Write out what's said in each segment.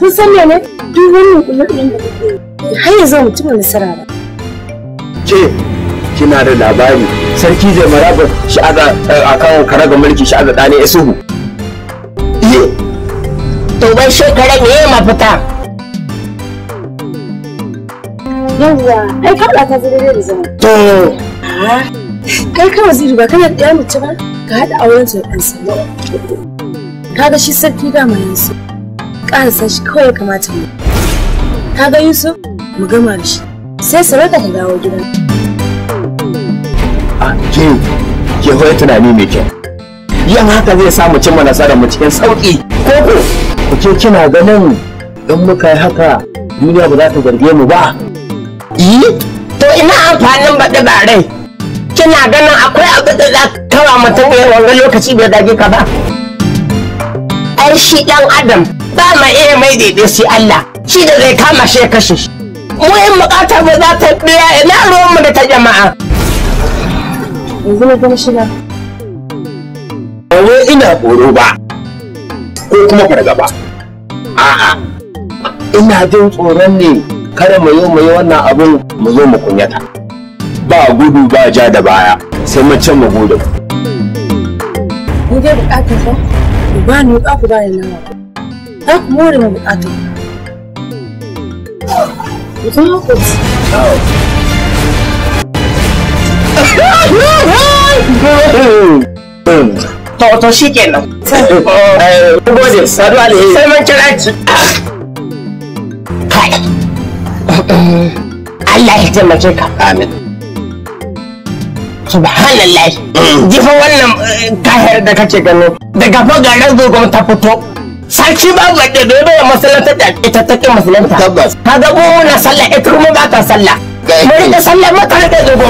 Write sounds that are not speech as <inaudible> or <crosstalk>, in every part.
kun san ne duk wannan kullum da kuke yi har yanzu mutum nasara ba ke kina da labari sarki zai marabar eh, shi aga a kawo ga mulki shi aga ɗane ya ye iye to bai shekaran ya yi mafita yawwa ai ka ka zai da zama to kai ka waziri ba kana da ya ba ka hada auren ta da sallama Ka kaga shi sarki dama yanzu ƙarasa shi kawai kamata mu ka ga yusuf mu gama da shi sai sarauta ta dawo gidan a ke ke hoya tunani mai kyau Yan haka zai sa mu cimma nasara mu cikin sauƙi koko ku ce kina ganin in muka yi haka duniya ba za ta zarge mu ba yi to ina amfanin baɗi ba kina ganin akwai abu da za kawo mutum ya wanga lokaci bai dage ka ba ai shi ɗan adam ba ma iya mai daidai sai Allah shi da zai kama shi ya kashe shi mu in bukatar mu za ta biya ina ruwan mu da ta jama'a yanzu na gani shiga ba wai ina tsoro ba ko kuma fargaba a'a ina jin tsoron ne kada mu yi mu yi wannan abun mu zo mu kunyata ba gudu ba ja da baya sai mace mu gudu. Ni je bukatar ba, ba ni ba ku ba ni nawa. za ku more ma bukatu. Mutum lokaci. To, to shi kenan. Gode, sadu alheri. Sai mun kira ki. Allah ya taimake ka. Amin. Subhanallah. Jifin wannan kahiyar da kake gano daga fagarar zogon ta fito. sarki babu wadda bai bai masallata da ita take masallata tabbas ka ga mu na sallah ita kuma ba ka sallah mu rika sallah maka rika zubo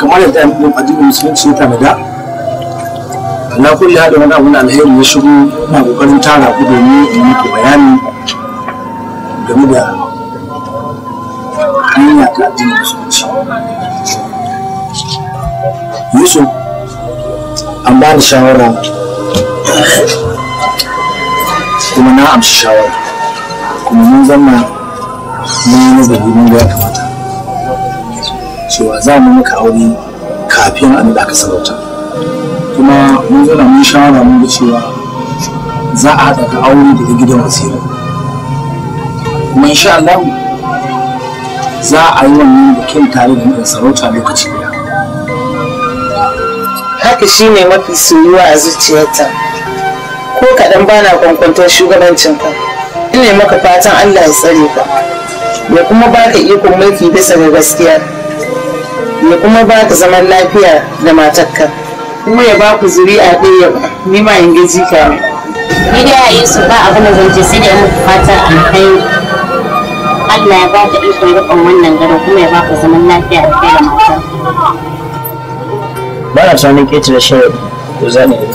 kamar yadda yan uwan addinin musulunci ta tanada na kulli hada wani abu na alheri ya shigo na kokarin tara ku domin in muku bayani game da hanya ta addinin musulunci yusuf an ba ni shawara kuma na amshi shawara kuma mun zama mun yi nazari mun ga ya kamata cewa za mu maka aure kafin an da aka sarauta kuma mun zama mun shawara mun ga cewa za a haɗa ka aure daga gidan wasira kuma insha Allah za a yi wannan bikin tare da nufin sarauta lokaci haka shi ne mafi soyuwa a zuciyarta ko kaɗan bana kwankwantar shugabancinka ina maka fatan allah ya tsare ka ya kuma ba ka ikon mulki bisa ga gaskiya ya kuma ba ka zaman lafiya da matarka kuma ya baku zuri'a ɗaya ni ma gaji ka ni da ba abin da zan ce sai da muku fatan Allah ya baka ikon rukun wannan gado kuma ya baka zaman lafiya da kai da matar. Ba na tunanin ƙetare sharaɗi ko zaɓin da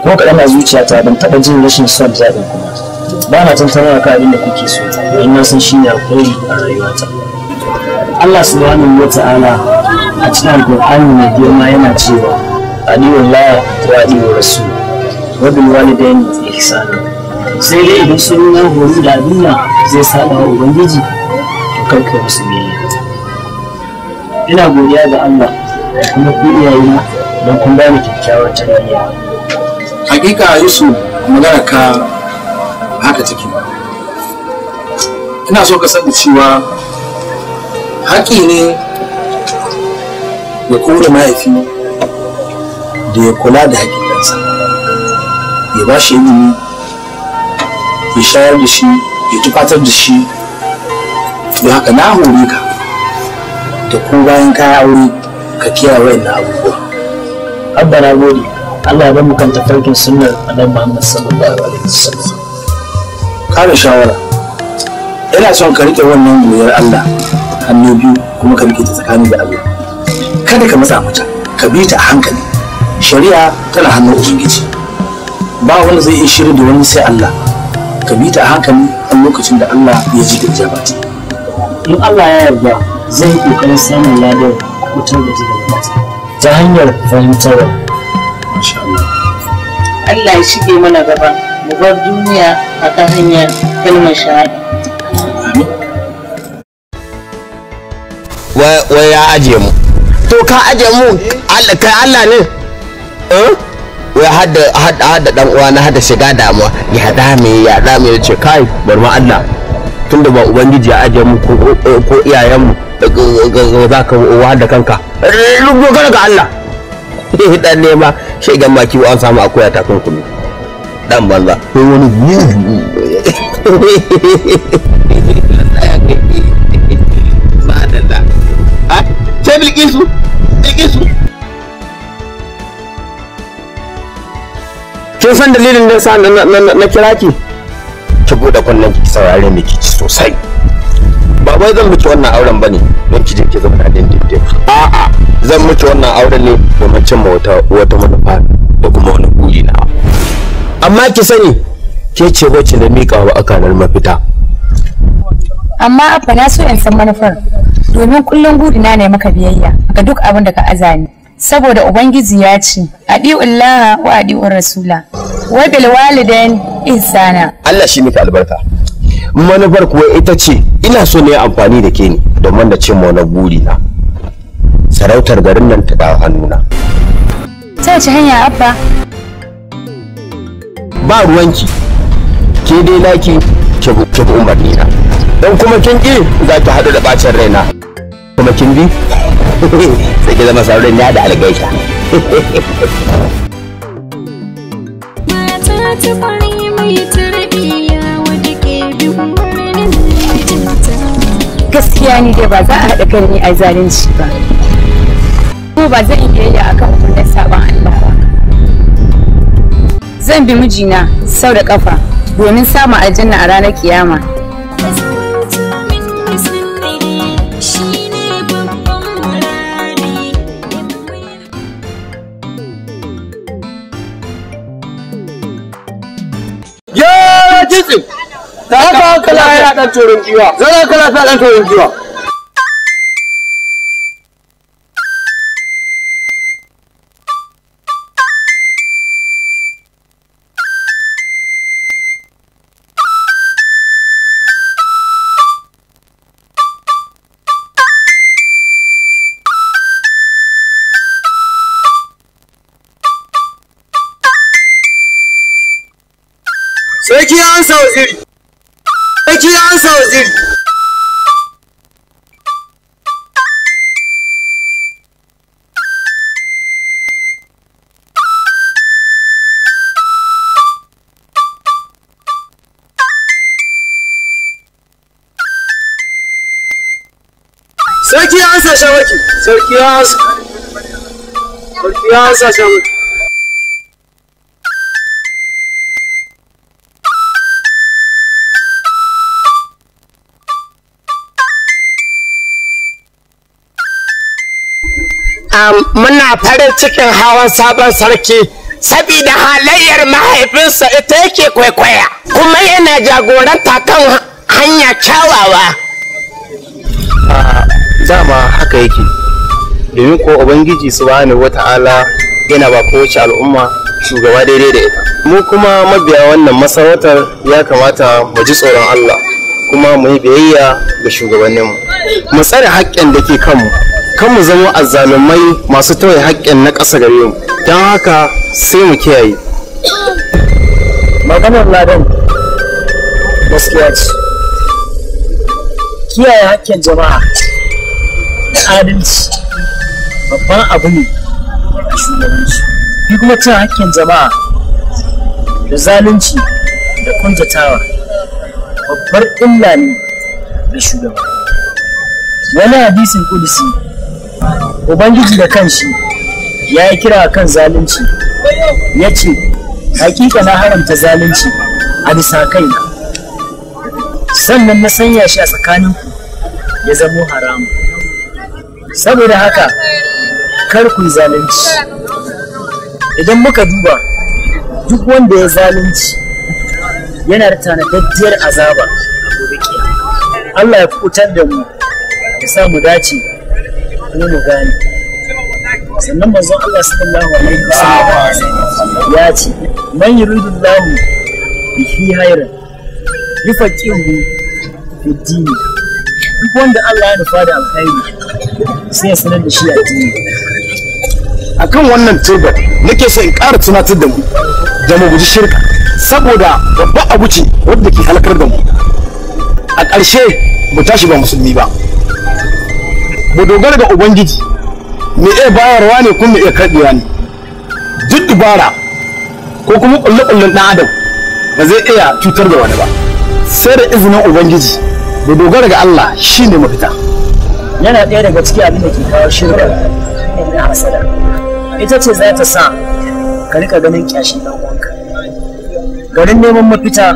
kuma ko kaɗan zuciya ta ban taɓa jin rashin son zaɓin kuma. Ba na tantanar ka abin da kuke so, don na san shi ne alkhairi a rayuwata. Allah subhanahu wata ana a cikin alƙur'ani mai girma yana cewa adiwullah wa adiwur rasul wa bil walidaini ihsana sai dai idan sun yi horo da abin zai saɗa wa ubangiji to karka musu biyayya ina godiya ga Allah da kuma ku iyayena don kun bani kyakkyawar tarayya hakika Yusuf magana ka haka take ina so ka sani cewa haƙi ne ya kore mahaifi da ya kula da haƙiƙansa ya ba shi ilimi ya shayar da shi ya tufatar da shi don haka na hore ka da ko bayan ka aure ka kiyaye wayannan abubuwa abba na gode Allah ya ba mu kan farkin sunnar annabi Muhammad sallallahu alaihi wasallam kare shawara ina son ka rike wannan goyar Allah hannu biyu kuma ka rike ta tsakani da Allah kada ka matsa mata ka bi ta a hankali shari'a tana hannun ubangiji ba wanda zai iya shiri da wani sai Allah ka bi ta a hankali a lokacin da Allah ya ji da ijabati in Allah ya yarda zai yi kokarin samun ladar mutum da ji da ta hanyar fahimtarwa Allah ya shige mana gaba mu bar duniya a kan hanyar kalmar shahada wai ya aje mu to ka aje mu eh. kai Allah ne eh ya hada hada dan uwa na hada shiga damuwa ya hada me ya hada me ce kai bar ma Allah tunda ba ubangiji ya aje mu ko iyayen mu za ka wa da kanka dogara ga Allah <laughs> dan ne ma shegan maki an samu akuya ta kun kunu dan banza ko wani ba da da ce bilkisu kin san dalilin da sa na kira ki ki bude kunnen ki saurare me kici sosai ba wai zan miki wannan auren bane don ki je ki zama da dindindin a'a zan miki wannan auren ne domin cin wata wata manufa da kuma wani buri na amma ki sani ke ce wacce da miƙa wa akalar mafita amma abba na so in san manufar domin kullum gudina ne maka biyayya ga duk abin da ka azani saboda ubangiji ya ce adi'ullaha wa adi'ur rasula wa bil walidain ihsana Allah shi miki albarka manufar kuwa ita ce ina so ne amfani da ke ni domin da ce wani buri na sarautar garin nan ta dawo hannuna ta ci hanya abba ba ruwanki ke dai laki ke bu umarni na don kuma kin ki za ki haɗu da bacin raina kuma kin bi <laughs> sai ki zama sauran ya da algaita gaskiya ni dai ba za a haɗa kan ni a zalunci ba ko ba zan iya yi akan kullum sabon Allah ba zan bi mijina sau da kafa domin samun aljanna a ranar kiyama dutse. Ta haka kala ya dan turin kiwa. Zara kala ta dan turin kiwa. Acıyan sözcük. Acıyan sözcük. Söküyan saçamak. Söküyan. Söküyan saçamak. muna farin cikin hawan sabon sarki saboda halayyar mahaifinsa ita yake kwaikwaya kuma yana jagoranta kan hanya kyawawa dama haka yake domin ko ubangiji su wata wata'ala yana ba kowace al'umma shugaba daidai da ita mu kuma mabiya wannan masarautar ya kamata mu ji tsoron Allah kuma mu yi biyayya ga shugabanninmu mu tsare haƙƙin da ke kanmu kan mu zama azzalumai masu tauye haƙƙin na ƙasa gare mu don haka sai mu kiyaye maganar ladan gaskiya ce kiyaye haƙƙin jama'a da adalci babban abu ne a shugabanci duk kuma cin haƙƙin jama'a da zalunci da kuntatawa babbar illa ne da shugaba wani hadisin kudisi ubangiji da kanshi ya yi kira kan zalunci ya ce hakika na haramta zalunci a bisa kaina sannan na sanya shi a tsakaninku ya zamo haramu saboda haka kar ku yi zalunci idan muka duba duk wanda ya zalunci yana da tanadaddiyar azaba Allah ya kutar da mu ya sa mu dace kuma mu gane sannan manzon Allah sallallahu alaihi wasallam ya ce man yuridullahu bihi khairan yufaqihu fi din duk wanda Allah ya nufa da alkhairi sai ya sanar da shi addini akan wannan turbar nake so in ƙara tunatar da mu da mu guji shirka saboda babba abu ce wadda ke halakar da mu a ƙarshe mu tashi ba musulmi ba mu dogara ga ubangiji me iya bayarwa ne kuma iya karɓewa ne duk dubara ko kuma ƙulle-ƙullen ɗan adam ba zai iya cutar da wani ba sai da izinin ubangiji mu dogara ga Allah shine mafita yana ɗaya daga cikin abin da ke kawo shirka da asara ita ce za ta sa ka rika ganin kyashi ɗan uwanka garin neman mafita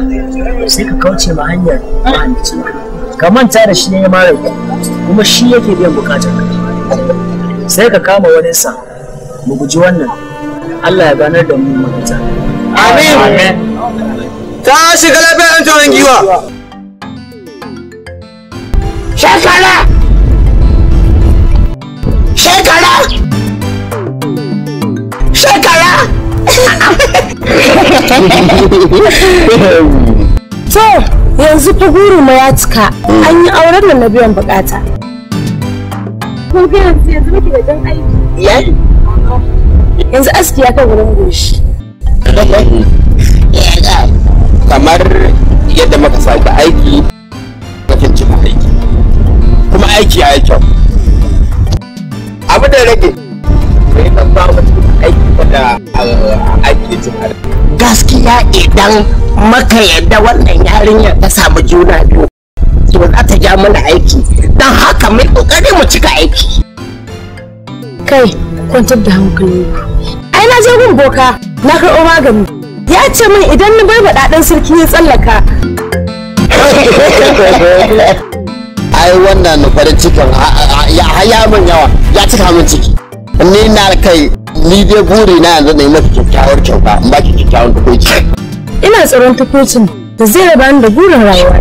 sai ka kauce ma hanyar mahalicin ka manta da shi ne ya mara kuma shi yake biyan bukatar ka sai ka kama wani sa mu guji wannan Allah ya ganar da mu mafita amin ta shiga lafiyar an tawon giwa shekara shekara shekara so <laughs> <laughs> yanzu fa ma ya cika mm. an yi auren nan na biyan bukata kun ga yanzu yanzu muke da jan aiki yanzu aski ya kan gurin goshi kamar yadda muka sake aiki kafin cin aiki kuma aiki ya yi kyau abu da rage sai nan ba wata aiki da ah, aiki cin aiki gaskiya idan maka yadda wannan yarinyar ta samu juna biyu to za ta ja mana aiki don haka mai kokari mu cika aiki kai kwantar da hankali ai na je gun boka na karɓo magani ya ce min idan na bai baɗaɗen sarki ya tsallaka <laughs> ai wannan farin cikin ya haya min yawa ya cika min ciki ni na kai ni dai buri na yanzu na yi masa kyakkyawar kyauta in ba ki kyakkyawan tukuci ina tsoron tukocin da zai raba ni da burin rayuwa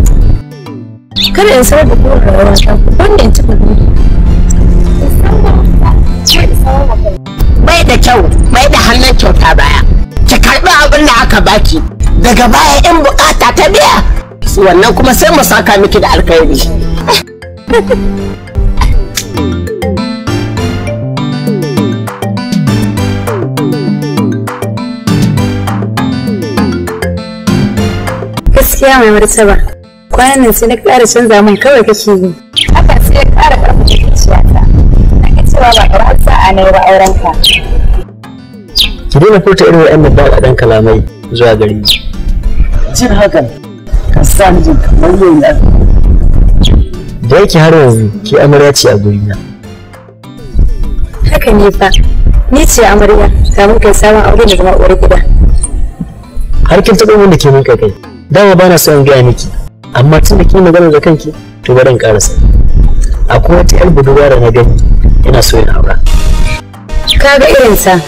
kada in sanar da burin rayuwa ta wanda in cika buri bai da kyau bai da hannun kyauta baya ki karɓi abin da aka baki daga baya in bukata ta biya wannan kuma sai mu saka miki da alkhairi <laughs> gaskiya mai martaba kwanan nan sai na ƙara canza min kawai kake yi haka sai ya ƙara ƙarfafa zuciyata na ga cewa ba ƙarar sa'a na ba auren ka ki daina furta irin wa'annan ba ɗan kalamai zuwa gari jin hakan ka sa ni jin kamar yadda da yake har yanzu ki amarya ce a gurina haka ne fa ni ce amarya kamun kai samun aure da zama uwar gida har kin taɓa wanda ke ninka kai dama ba na son gaya miki amma tun da magana da kanki to bari in karasa akwai wata yar budurwa da na gani ina so in aura ka irin sa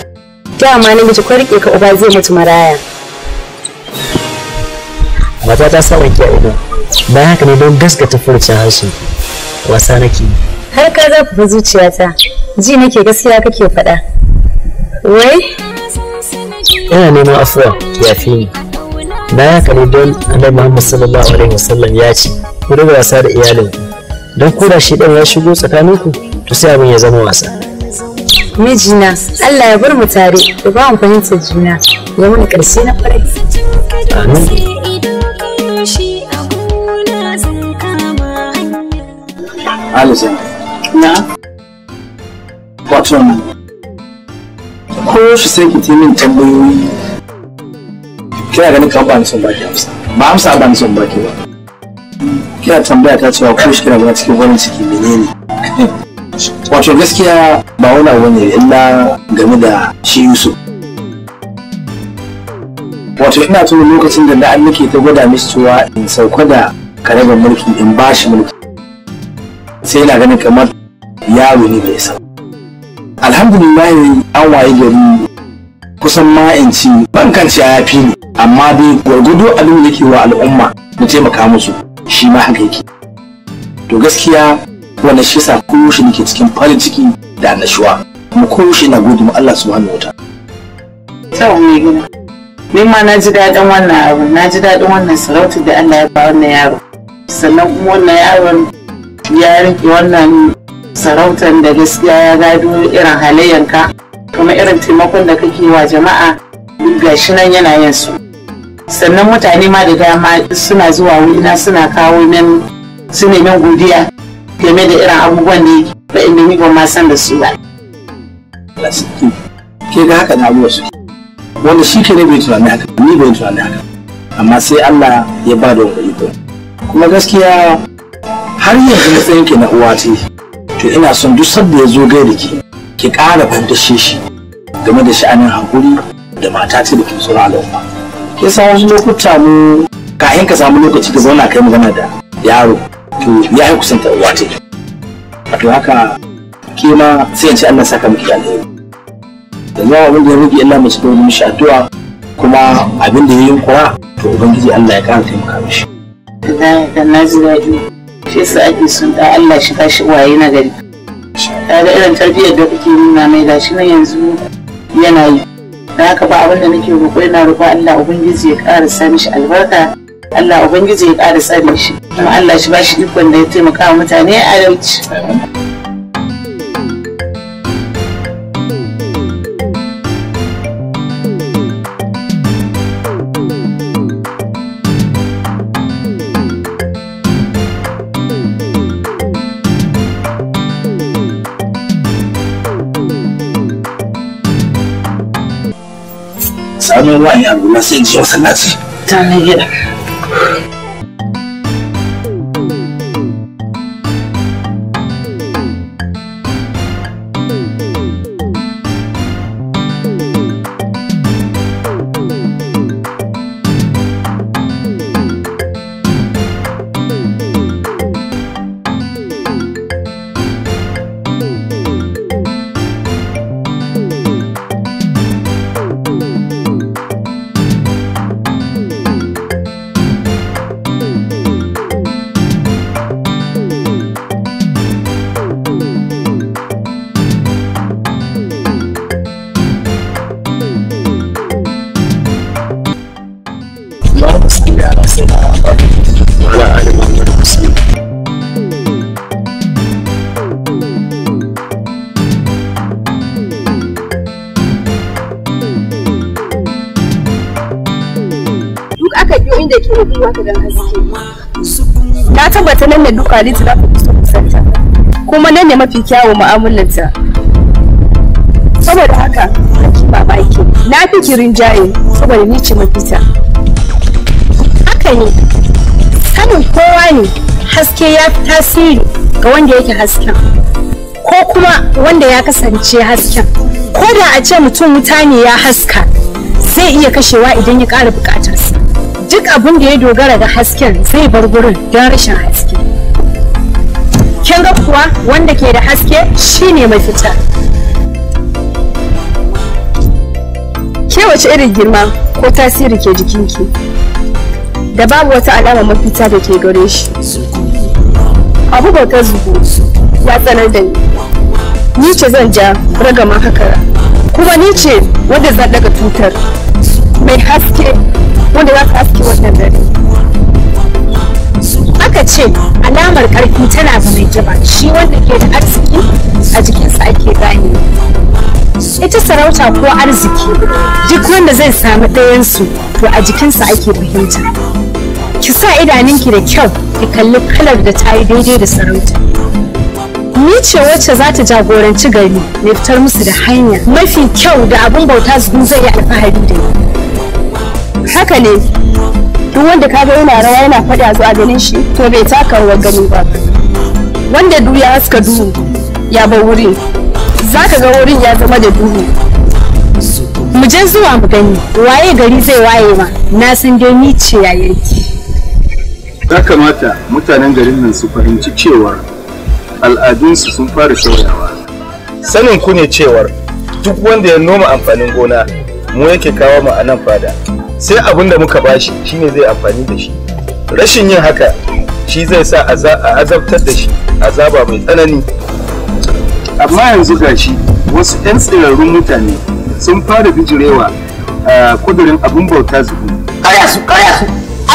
dama namiji ko rike ka uba zai mutu maraya mata ta sa wanki a ido Baya haka ne don gaskata furcin harshen wasa nake har ka zafafa zuciyata ji nake gaskiya kake faɗa wai ina neman afuwa yafi ni baya ka don annabi Muhammad sallallahu alaihi wasallam ya ce ku riga wasa da iyalin don ko da shi dan ya shigo tsakaninku to sai abin ya zama wasa mijina Allah ya bar mu tare ku ba mu fahimta juna ya mana karshe na farai amin Alison, na? Wato, ko shi sai ki min tambayoyi kina ganin kan ba ni son baki amsa ba amsa ba ni son baki ba kina tambaya ta cewa ko shi kina gana cikin wani ciki menene <laughs> wato gaskiya ba wani abu ne illa game da shi Yusuf wato ina tuna lokacin da da'an nake ta gwada mishi cewa in sauka da karaba mulki in ba shi mulki sai yana ganin kamar yaro ne bai san alhamdulillah an waye gari kusan ma in ci ban kan ne amma dai gwargwado abin da yake wa al'umma na taimaka musu shi ma haka yake to gaskiya wannan shi yasa koyaushe nake cikin farin ciki da annashuwa kuma koyaushe na gode ma Allah subhanahu wataala sau mai gina ni ma na ji daɗin wannan abu na ji daɗin wannan sarautar da Allah ya ba wannan yaro sannan kuma wannan yaron ya rike wannan sarautar da gaskiya ya gado irin halayyanka kuma irin taimakon da kake wa jama'a gashi nan yana yin su sannan mutane ma da dama suna zuwa wurina suna kawo nan su neman godiya game da irin abubuwan da ba inda ni ban ma san da su ba ke ga haka na su wanda shi ke ne bai tunani haka ni bai tunani haka amma sai Allah ya ba da wani iko kuma gaskiya har yanzu matsayin ke na uwa ce to ina son duk sanda ya zo gaida ki ki ƙara fantashe shi game da sha'anin hankuri da mata ce da ke tsoron al'umma ke san wasu lokuta mu kayan ka samu lokaci ka zauna kai magana da yaro to ya yi kusanta uwa ce to haka ke ma sai in ce Allah saka miki alheri Da abin da ya rage Allah mai shiga mishi addu'a kuma abin da ya yi kura to ubangiji Allah ya ƙara taimaka mishi da na ji daɗi shi yasa ake son da Allah shi waye uwaye na gari ta da irin tarbiyyar da kuke nuna mai gashi na yanzu yana yi da haka ba abin da nake roƙo ina roƙo Allah ubangiji ya ƙara sa mishi albarka Allah ubangiji ya ƙara tsare shi kuma Allah shi ba shi ikon da ya taimaka wa mutane a samun wani abu na sai je masallaci ta na gida na tabbata nan ne duka litin za ku so kusanta kuma nan ne mafi kyawun mu'amalarta saboda haka ba baki na fi kirin jaye saboda ni ce mafita haka ne sanin kowa ne haske ya fi tasiri ga wanda yake hasken ko kuma wanda ya kasance hasken ko da a ce mutum wuta ne ya haska zai iya kashewa idan ya ƙara buƙatarsa duk abin da ya dogara ga hasken zai bar gurin don rashin haske kin ga kuwa wanda ke da haske shine mafita ke wace irin girma ko tasiri ke jikinki da babu wata alama mafita da ke gare shi abu ba ta zubo ya tsanar da ni ni ce zan ja ragama hakara kuma ni ce wadda zan daga tutar mai haske wanda za su aski wannan dare aka ce alamar karfi tana ba mai kiba shi wanda ke da arziki a jikinsa ake gani. ita sarauta ko arziki duk wanda zai sami ɗayansu to a jikinsa ake fahimta ki sa idaninki da kyau ki kalli kalar da ta yi daidai da sarauta ni ce wacce za ta jagoranci gari na fitar musu da hanya mafi kyau da abin bauta zai yi alfahari da ni haka ne duk wanda ka ga yana rawa yana faɗi a zuwa ganin shi to bai taka wa gani ba wanda du ya haska duhu ya bar wurin za ka ga wurin ya zama da duhu mu je zuwa mu gani waye gari zai waye ma na san dai ni ce yayanki ya kamata mutanen garin nan su fahimci cewar al'adunsu sun fara sauyawa sanin ku ne cewar duk wanda ya noma amfanin gona mu yake kawo mu a nan fada sai abin da muka bashi shine zai amfani da shi rashin yin haka shi zai sa a azabtar da shi azaba mai tsanani amma yanzu gashi wasu 'yan tsirarrun mutane sun fara bijirewa a kudurin abin bauta zubi karya su karya su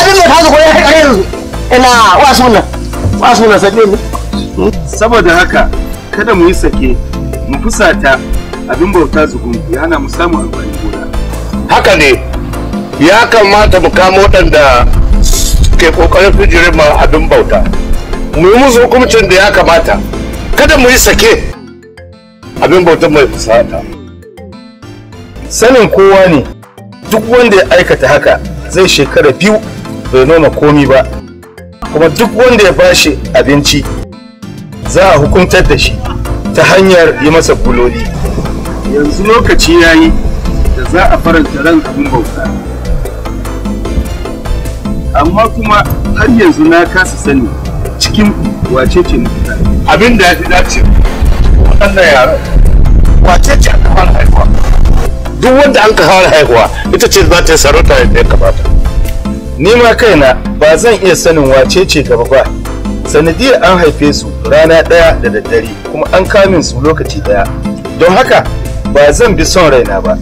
abin bauta zubi ya karya yanzu ina wasu suna. wasu suna sake ne hmm? saboda haka kada mu yi sake mu fusata abin bauta zubi ya hana mu samun amfani gona haka ne ya kamata mu kama waɗanda ke ƙoƙarin fijirin ma abin bauta mu yi musu hukuncin da ya kamata kada mu yi sake abin bautan mai fusata sanin kowa ne duk wanda ya aikata haka zai shekara biyu bai noma komi ba kuma duk wanda ya bashi abinci za a hukuntar da shi ta hanyar yi masa buloli yanzu lokaci ya yi da za a faranta ran abin bauta amma kuma har yanzu na kasa sani cikin wace ce abin da ya fi dace wannan yaran wace ce aka fara haihuwa duk wanda an ka fara haihuwa ita ce za ta sarauta yadda ya kamata ni ma kaina ba zan iya sanin wace ce gaba ba sanadiyar an haife su rana ɗaya da daddare kuma an kamin su lokaci ɗaya don haka ba zan bi son raina ba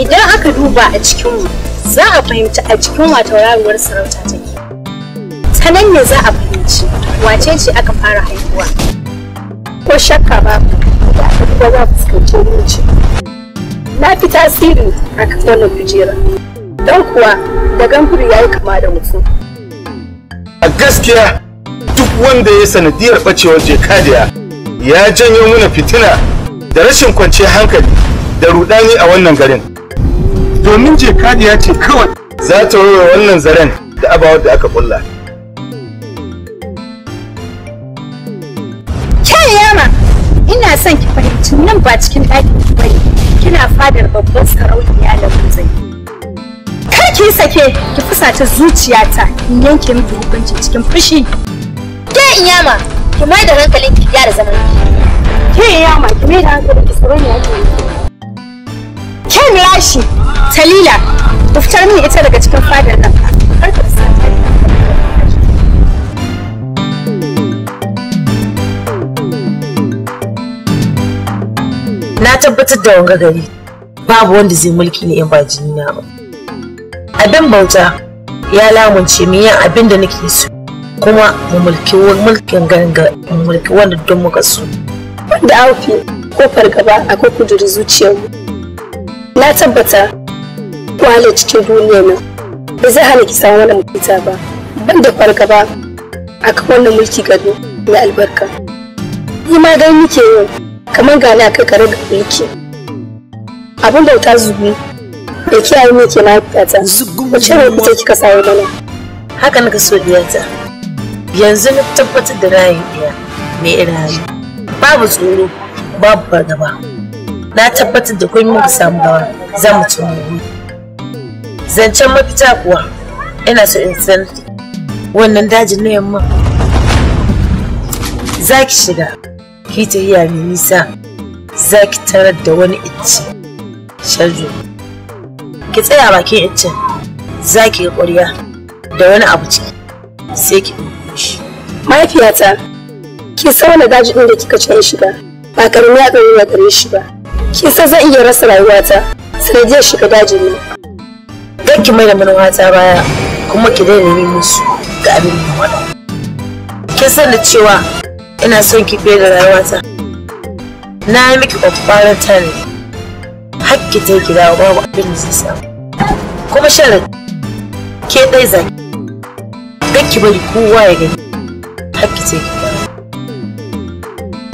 idan aka duba a cikinmu za a fahimci a cikin rayuwar sarauta take ta nan ne za a fahimci wace ce aka fara haihuwa ko shakka babu da aka kuma za fuskanci wuce na fi tasiri a kan kujera don kuwa da gamfuri ya yi kama da mutum a gaskiya duk wanda ya sanadiyar bacewar jekadiya ya janyo muna fitina da rashin kwanciyar hankali da rudani a wannan garin domin jekadiya ce kawai za ta wuri wannan zaren da abawar da aka kulla yama, ina son ki fahimci nan ba cikin ɗakin bari, kina fadar babban sarauniya da zai kar ki sake ki fusata zuciyata in yanke miki hukunci cikin fushi ke yama, ki mai da hankalin ki gyara zaman ki ke yama, ki mai da hankalin ki sarauniya ke zan yashi, talila ku fitar min ita daga cikin fadar nan na tabbatar da wanga gari babu wanda zai mulki ni in ba jini na ba abin bauta ya lamunce min yin abin da nake so kuma mu mulki mulkin ganga mu mulki wanda don muka so Wanda aufi ko fargaba akwai kudurin zuciyarmu na tabbata ku cikin duniya na. ba zai hana ki samu wani mafita ba ban da ba a kan wannan mulki gado mai albarka ni ma gani nike yau kamar gani a kai kare da mulki abin bauta zubi da kiyaye ne ke mahaifiyata wacce ne kuta kika samu mana haka na so diyata yanzu na tabbatar da rayu ɗaya mai babu tsoro babu fargaba. na tabbatar da kun muku samu bawa za mu ci mu zancen mafita kuwa ina so in san wannan dajin na yamma za ki shiga ki ta tafiya mai nisa za ki tarar da wani icce sharju ki tsaya bakin iccen za ki ga ƙwarya da wani abu ciki sai ki ɗauko shi mahaifiyata ki san wani daji ɗin da kika can shiga ba karmi ya ɗauri ya gare shi ba Ki san zan iya rasa rayuwata je shiga dajin nan. dan ki mai da manuwata baya kuma ki daina yi musu ga abin da wada. ki san da cewa ina son ki fiye da rayuwata. Na yi miki babbar tare. Hakki ta ki dawo babu abin da zai samu. Kuma sharar ke dai zaki. Kar ki bari kowa ya gani. Hakki ta ki dawo.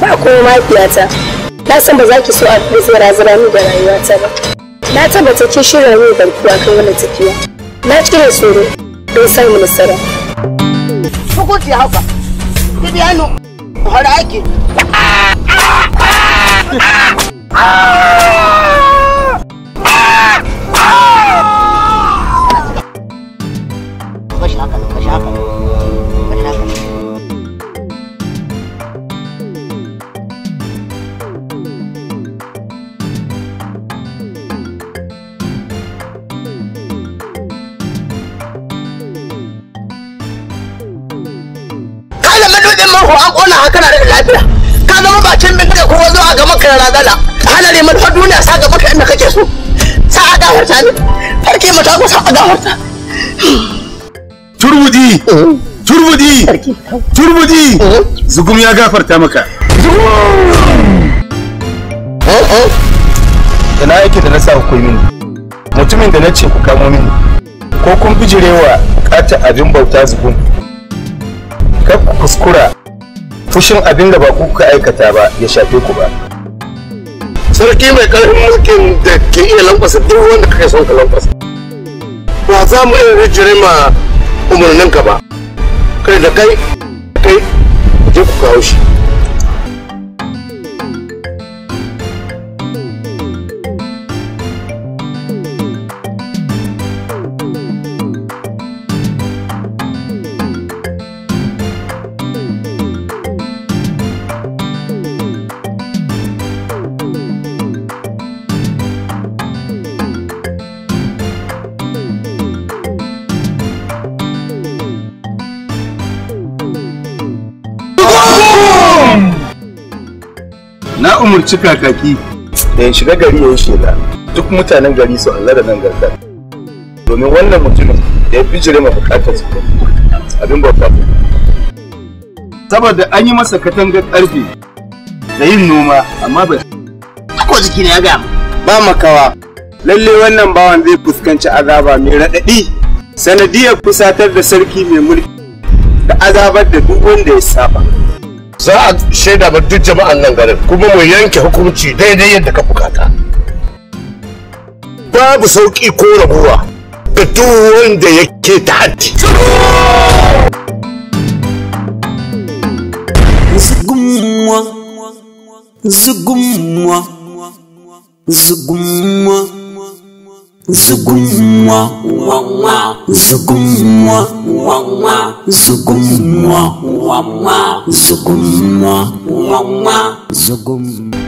Ba kuma mafiyata. na san ba za ki so a zai razana ni da rayuwata ba na tabbata kin shirya min kuwa kan wani tafiya na kira tsoro don samun nasara hukunci hauka ki biya ni har aiki <laughs> ko an kona haka na da lafiya ka zama bakin bin kai kuma zuwa a ga maka razana hana neman har duniya sa ga maka inda kake so sa a gafarta ne farke mata ko sa a gafarta turbudi mm-hmm. turbudi turbudi mm-hmm. zugum ya gafarta maka ina mm-hmm. yake da na sa ku mini mutumin da na ce ku kamo mini ko kun bijirewa kata abin bauta zugum kar ku kuskura fushin abin da ba ku ka aikata ba ya shafe ku ba sarki mai karfin mulkin da ke iya lambasa duk wanda kake son ka lambasa. ba za mu iya rijire ma umarninka ba kai da kai kai je ku kawo shi umarci kakaki da ya shiga gari ya yi shela duk mutanen gari su da nan garka domin wannan mutumin da ya bijire ma bukatar su abin babba saboda an yi masa katangar karfe da yin noma amma ba ko jiki ne ya ga ba makawa lalle wannan bawan zai fuskanci azaba mai raɗaɗi sanadiyar kusatar da sarki mai mulki da azabar da duk wanda ya saba za a shaida ba duk jama'an nan garin kuma mu yanke hukunci daidai yadda ka bukata babu sauƙi ko rabuwa ga duk wanda yake ta haddi zugumwa zugumwa zugumwa Zugumwa, wawa, zugumwa, wawa, zugumwa, wawa, zugumwa, wawa, zugumwa.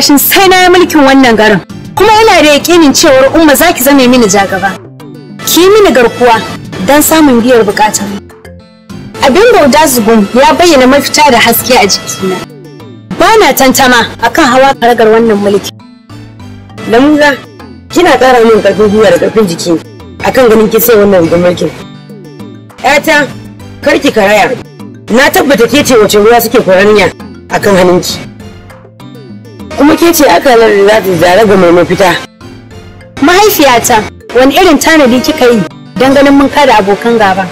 kashin sai na yi mulkin wannan garin. Kuma ina da yakinin cewar umma za ki zame mini jagaba. Ki mini garkuwa don samun biyar bukata. Abin bauda zubun ya bayyana mafita da haske a jikina. Ba na tantama akan hawa karagar wannan mulki. lamuza kina ƙara min ƙarfin gwiwa da ƙarfin jiki akan ganin ki sai wannan rigar mulkin. ‘Yata, karki ki karaya, na tabbata ke ce wace ruwa suke a akan hannunki. kuma ke ce akalar da za ta zare ga mai mafita. Mahaifiyata, wani irin tanadi kika yi don ganin mun kada abokan gaba?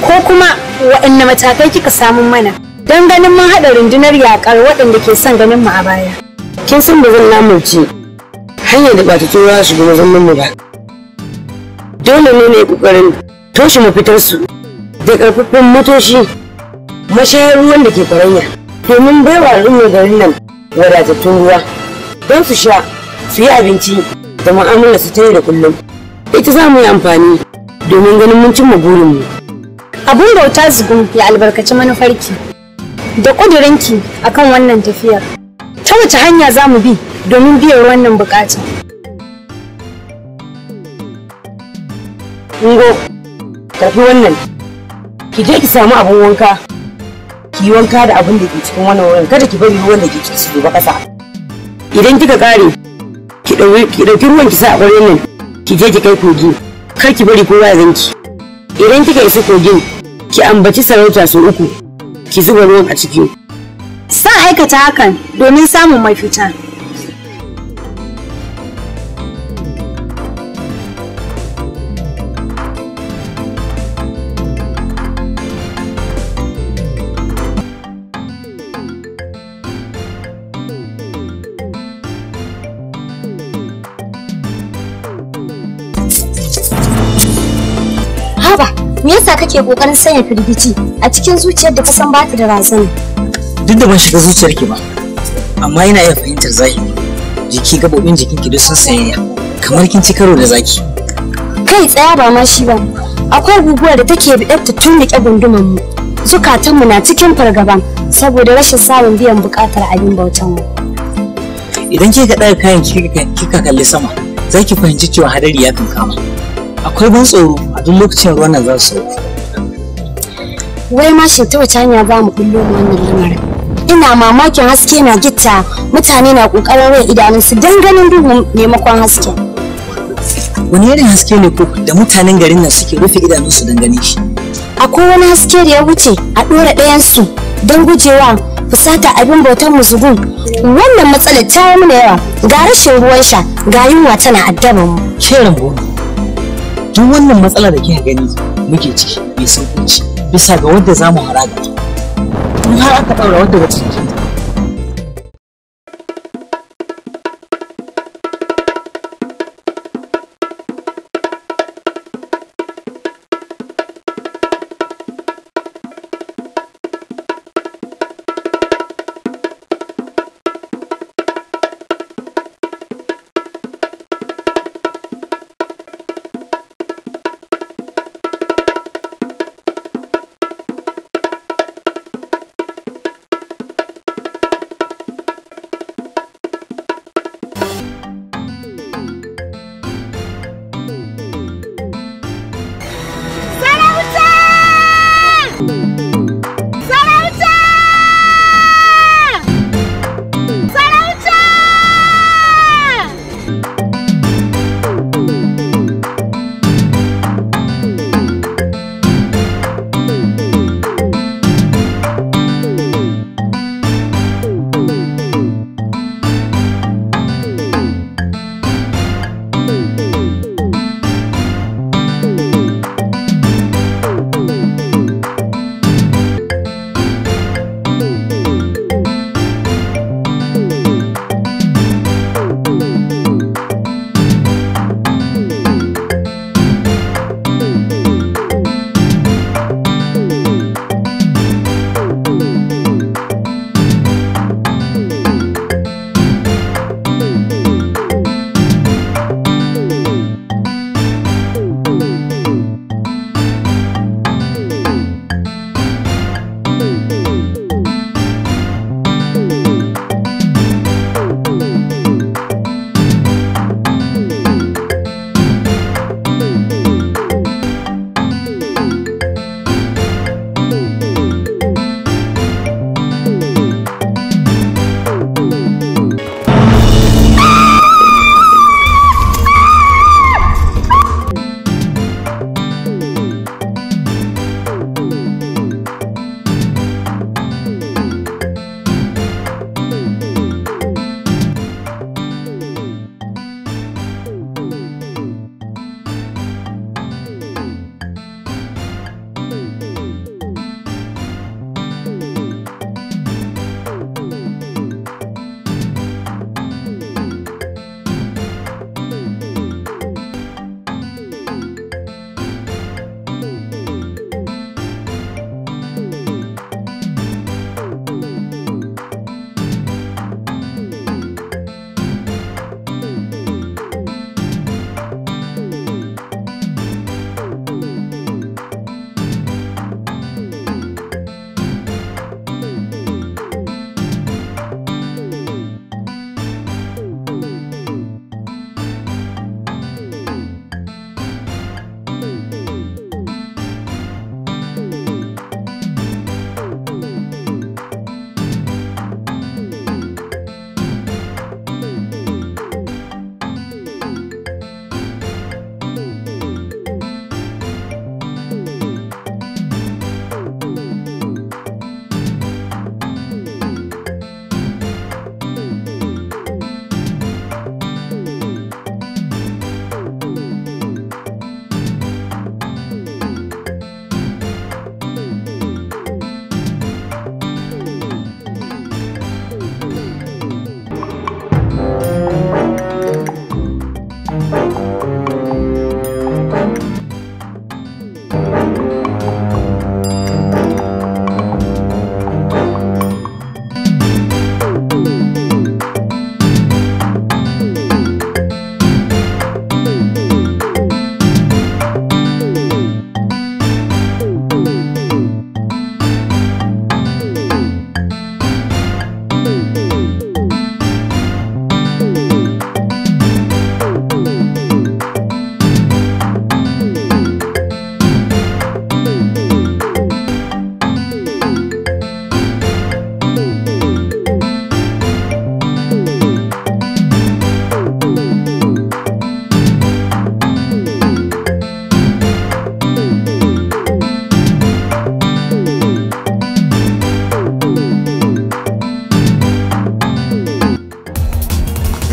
Ko kuma waɗanne matakai kika samu mana don ganin mun haɗa rundunar yaƙar waɗanda ke son ganin mu a baya? Kin san ba zan namurci hanyar da ba ta tura su gaba zaman mu ba. Dole ne ne ƙoƙarin toshe mafitarsu da ƙarfafin motoci mashayar ruwan da ke kwaranya domin baiwa al'ummar garin nan wadatattun ruwa don su sha su yi abinci da mu'amala su ta da kullum ita za mu yi amfani domin ganin mun cimma burinmu Abin bauta zugun ya albarkaci manufarki da ƙudurinki akan wannan tafiyar ta wace hanya za mu bi domin biyan wannan bukata Ngo, tafi wannan, ki je ki samu abin wanka ki yi wanka da abin da ke cikin wannan wurin kada ki bari ruwan da ke ciki su zuba kasa idan kika kare ki ɗauki ruwan ki sa a ƙwarin nan ki je ki kai kogi kar ki bari kowa ya idan kika isa kogin ki ambaci sarauta sau uku ki zuba ruwan a ciki sa aikata hakan domin samun mafita me yasa kake kokarin sanya firgici a cikin zuciyar da ka san ba ta da razana duk da ban shiga zuciyar ki ba amma ina iya fahimtar zahiri jiki gabobin jikin ki duk sun sanya kamar kin ci karo da zaki kai tsaya ba ma shi ba akwai guguwar da take bidar ta tunnuke gunduman mu zukatanmu na cikin fargaba saboda rashin samun biyan bukatar abin bautan mu idan kika ɗaga kayan kika kalli sama za ki fahimci cewa hadari ya kan kama akwai ban tsoro a duk lokacin ruwan nan za su wai ma shin ta wace hanya za mu kullo wannan lamarin ina mamakin haske na gitta mutane na kokarin rai idanunsu don ganin duhu maimakon haske wani irin haske ne ko da mutanen garin nan suke rufe idanunsu don ganin shi akwai wani haske da ya wuce a ɗora ɗayansu don gujewa fusata abin bautar musugun wannan matsalar ta mu mana yawa ga rashin ruwan sha ga yunwa tana addabar mu shirin goma duk wannan matsala da kika gani muke ciki mai sauƙi bisa ga wadda za mu haraga in har aka ɗaura wadda wata cikin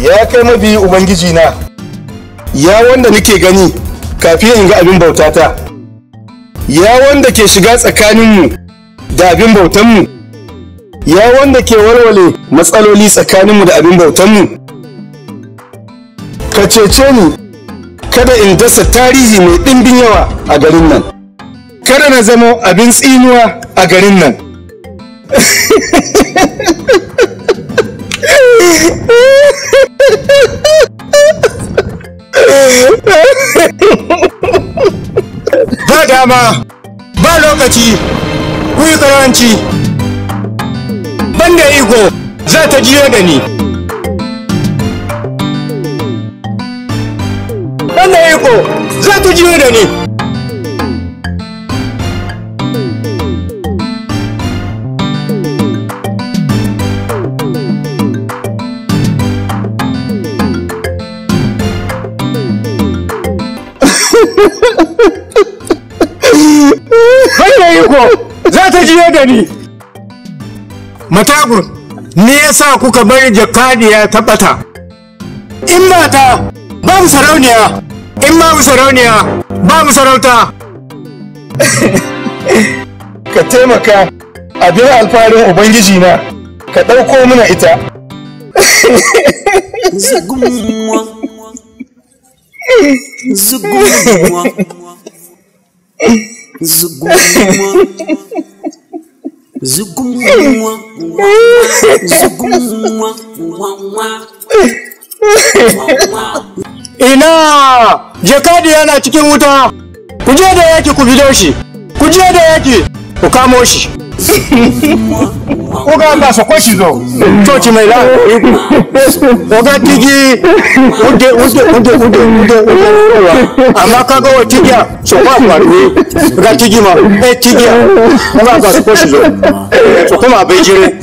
ya kai mafi ubangiji na ya wanda nake gani kafin in ga abin bautata ya wanda ke shiga tsakaninmu da abin bautanmu ya wanda ke warware matsaloli tsakaninmu da abin mu? ka cece ni kada in dasa tarihi mai ɗimbin yawa a garin nan kada na zama abin tsinuwa a garin nan <laughs> ba dama ba lokaci ku yi karanci banda iko za ta jiyo da ni banda iko za ta jiyo da ni Wannan iko za ta jiye da ni. Matakun, me yasa kuka bari jakadiya ta bata? In mata mu sarauniya, in mu sarauniya mu sarauta. <laughs> Ka taimaka abin alfarin Ubangiji na, ka ɗauko mana ita. Zugu ni wọn. Zugu ni wọn. Zugu ni wọn. Zugu ni wọn. Ina! Jakadi yana cikin wuta! Ku je da yaki ku bido shi! Ku je da yaki ku kamo shi! ogamba sokwekizo tokimera ogatigi ude ude ude ude ude ude amaka go wetija sokwakwalwe gatigima etija ogamba sokwekizo sokoma bejire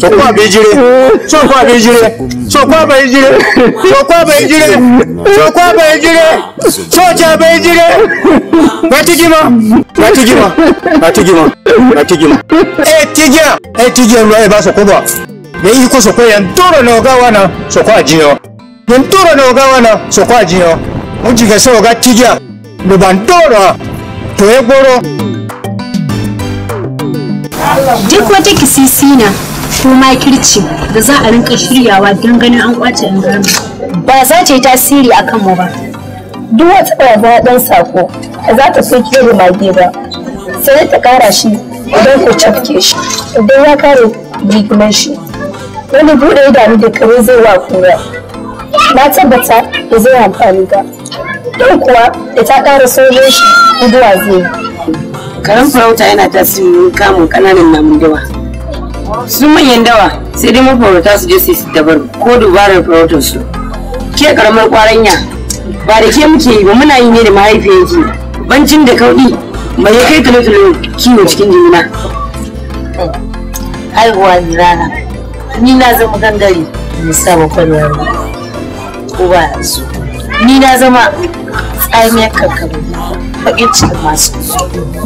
sokwa bejire sokwa bejire sokwa bejire sokwa bejire sokwa bejire socha bejire gatigima gatigima gatigima gatigima etija etija njiyenro ruwa ya ba iko sokwe ya yi, ntoro na oga wana sokwa ajiyo yan ntoro na oga wana sokwa ajiyo mujigese oga tijya to ya goro duk wata na ko makirci da za a rinka shiryawa don ganin an kwace in gano ba za ta yi tasiri a kanmu ba duk wata ba za ɗan sako za ta so da mage ba sai ta kara shi don ku cafke shi idan ya kare jigunan shi wani buɗe idanu da kare zai wa kura na tabbata da zai amfani ba don kuwa da ta ƙara sojin shi zai farauta yana tasiri kamun kananan namun dawa Sun manyan dawa sai dai mafarauta su je su yi dabar ko dubarar farautar su ke karamar kwaranya ba da ke muke yi ba muna yi ne da mahaifiyarki bancin da kauɗi mai ya kai talo-talo kiwo cikin jimina eh, haihuwa ni rana ni na zama gari mai sa bakwai yaro ko ba yanzu ni na zama tsamiyar kankan bakin cikin masu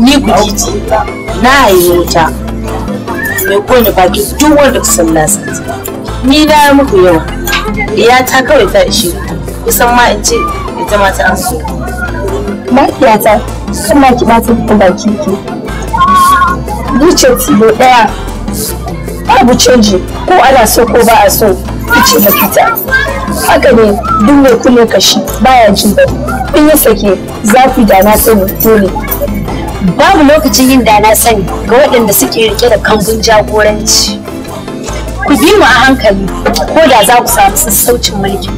ni gujiji na haihu wuta mai kone baki duk wanda ku san lasa ni na yi muku yawa iyata kawai ta ishe kusan ma in ce ita ma ta an so mahaifiyata suna ki ba ta fita baki ke. zuciyar tilo ɗaya babu canji ko ana so ko ba a so ki ce fita haka ne duk mai kulle kashi baya jin ba in ya sake zafi da na sani dole babu lokacin yin dana na sani ga waɗanda suke rike da kambun jagoranci ku bi mu a hankali ko da za ku samu sassaucin mulki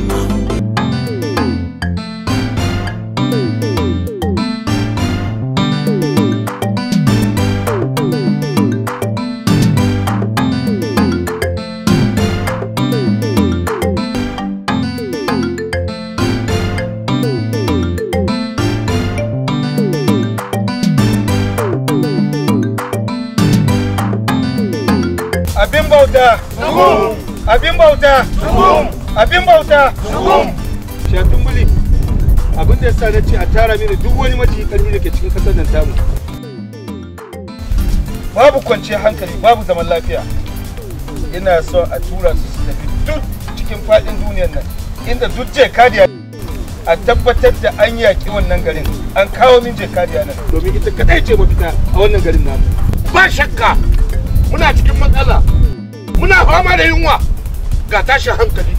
abin bauta abin bauta shatun buli abin da ya sa na ce a tara mini duk wani maji karfi da ke cikin kasar nan tamu babu kwanciyar hankali babu zaman lafiya ina so a tura su su tafi cikin faɗin duniyar nan inda duk jekadiya a tabbatar da an yaƙi wannan garin an kawo min jekadiya nan domin ita kadai ce mafita a wannan garin namu ba shakka muna cikin matsala muna fama da yunwa ga tashin hankali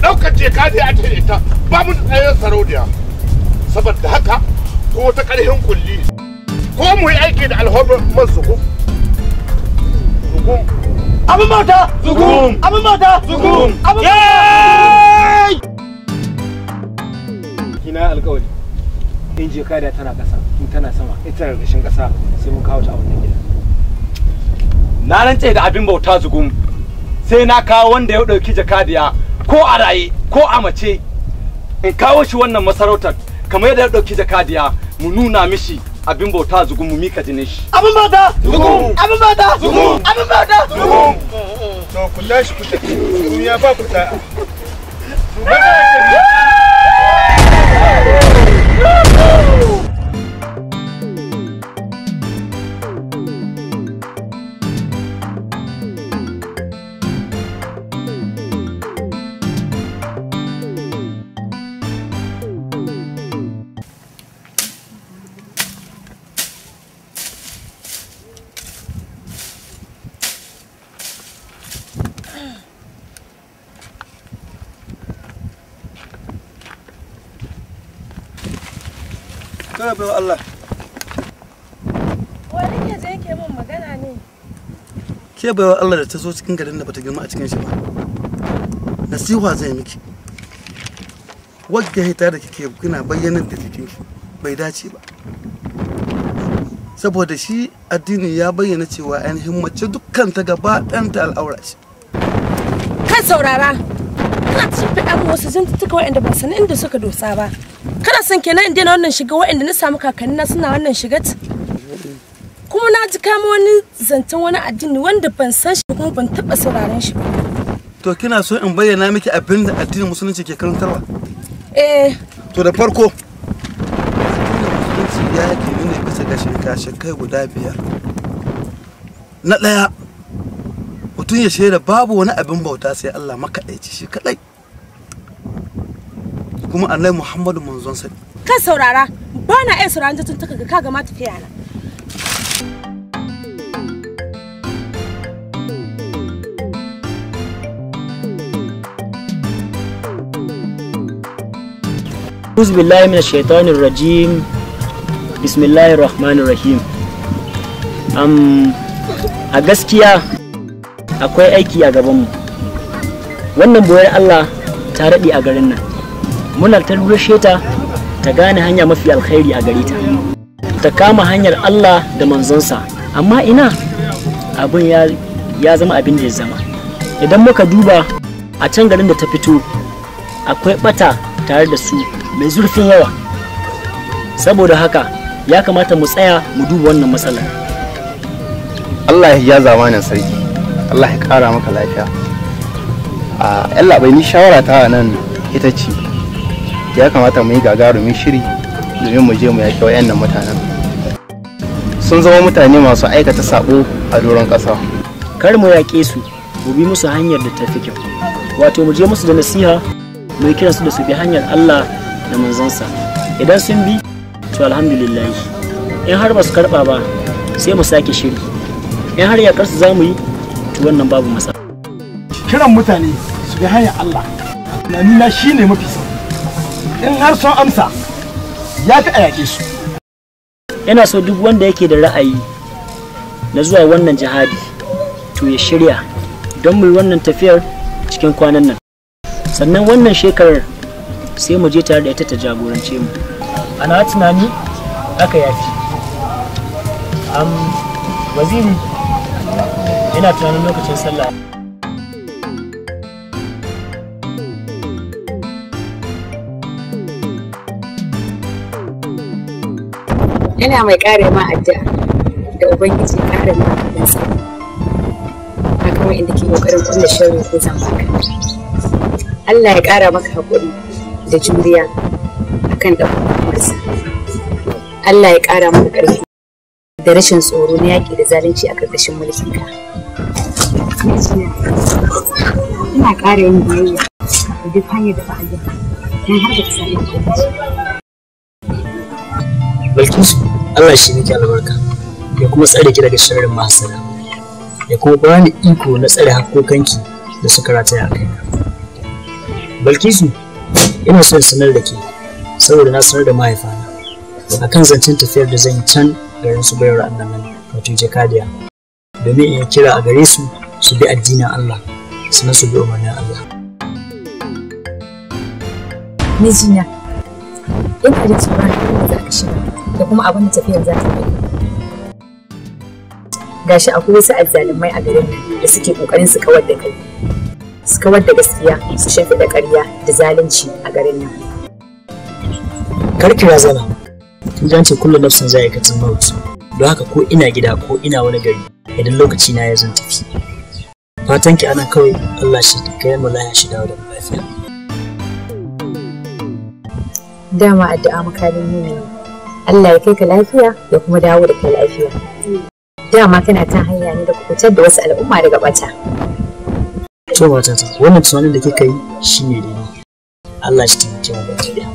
ɗaukar jeka da ya tare ta ba mu tsayen sarodiya saboda haka ko ta ƙarfin kulli ko mu yi aiki da alhobar man zuku abin bauta zukum abin bauta zukum abin kina alƙawari in jeka da tana ƙasa in tana sama ita daga ƙasa sai mun kawo ta a wannan gidan na rantse da abin bauta zugum sai na kawo wanda ya ɗauki jakadiya ko a raye ko a mace in kawo shi wannan masarautar kamar yadda ya ɗauki jakadiya mu nuna mishi abin bauta zugum mu mika jinin shi abin bauta zugum abin bauta zugum abin bauta zugum to kullai shi kuta ya ba kuta ke baiwa Allah da ta zo cikin garin da bata girma a cikin shi ba nasiha zai miki wagga hita da kike kina bayyanar da shi bai dace ba saboda shi addini ya bayyana cewa yan himmace dukkan ta gaba ɗanta al'aura shi kan saurara kana cin fi abu wasu zantuttuka waɗanda ba san inda suka dosa ba kana son kenan in daina wannan shiga waɗanda na samu kakanni na suna wannan shigat kuma na ji kama wani zancen wani addini wanda ban san shi kuma ban taɓa sauraron shi ba. To kina so in bayyana miki abin da addinin musulunci ke karantarwa? Eh. To da farko addinin musulunci ya yake nuna bisa ga shirka kai guda biyar. Na ɗaya mutum ya shaida babu wani abin bauta sai Allah makaɗaici shi kaɗai. Kuma Annabi Muhammadu manzon sa. Kan saurara ba na iya sauraron tattun ta ga ma tafiya na. أعوذ بالله من الشيطان الرجيم بسم الله a gaskiya akwai aiki a gabanmu wannan boyar Allah ta raɗi a garin nan muna ta rushe ta ta gane hanya mafi alkhairi a gare ta ta kama hanyar Allah da manzonsa amma ina abin ya zama abin da ya zama idan muka duba a can garin da ta fito akwai ɓata tare da su mai zurfin yawa saboda haka ya kamata mu tsaya mu duba wannan matsala Allah ya zamanin sarki Allah ya kara maka lafiya a yan labai ni shawara ta nan ita ce ya kamata mu yi gagarumin shiri domin mu je mu yaƙi wayannan mutanen sun zama mutane masu aikata sabo a doron ƙasa kar mu yaƙe su mu bi musu hanyar da ta fi kyau wato mu je musu da nasiha mu yi kiransu da su bi hanyar Allah da manzansa idan sun bi to alhamdulillah in har ba su karba ba sai mu sake shiri in har yakar su zamu yi to wannan babu masa kiran mutane su ga hanyar Allah tunani na shine mafi sauki in har sun amsa ya ta ayake su ina so duk wanda yake da ra'ayi na zuwa wannan jihadi to ya shirya don mu yi wannan tafiyar cikin kwanan nan sannan wannan shekarar sai mu je tare da ita ta jagorance mu ana tunani aka yafi am waziri ina tunanin lokacin sallah ina mai kare ma addu'a da ubangiji kare ma abinsa a kan inda ke kokarin kunna shirin ko zan baka Allah ya kara maka haƙuri da juriya akan ɗaukakarsa Allah ya ƙara mana ƙarfi da rashin tsoro na yaƙi da zalunci a ƙarƙashin ka. ina ƙara yin biyayya da duk hanyar da ba a don har da ta sami Balkisu, Allah shi miki albarka ya kuma tsare ki daga sharrin mahasara ya kuma bani iko na tsare hakokanki da suka rataya a kai. Balkisu, ina so in sanar da ke saboda na sanar da mahaifana a kan zancen tafiyar da zan yi can garin su bayar Allah nan wato jakadiya domin in kira a gare su su bi addinin Allah sannan su bi umarnin Allah. Mijina, ina da tsoron da za ka shiga da kuma abin da tafiyar za ta yi. Gashi akwai wasu azzalumai a garin da suke kokarin su kawar da kai. Su kawar da gaskiya su shafi da ƙarya da zalunci a garin nan. Karki razana, tun ce kullum nafsin za a katin mawuci, don haka ko ina gida ko ina wani gari idan lokaci na ya zan tafi. Fatan ki ana kawai Allah shi da kai mu laya shi dawo da lafiya. Dama addu'a makamin ni, Allah ya kai ka lafiya ya kuma dawo da kai lafiya. Dama kana ta hanya ne da kubutar da wasu al'umma daga bata. To matata, wannan tunanin da kika yi shine dai-dai. Allah shi taimake mu baki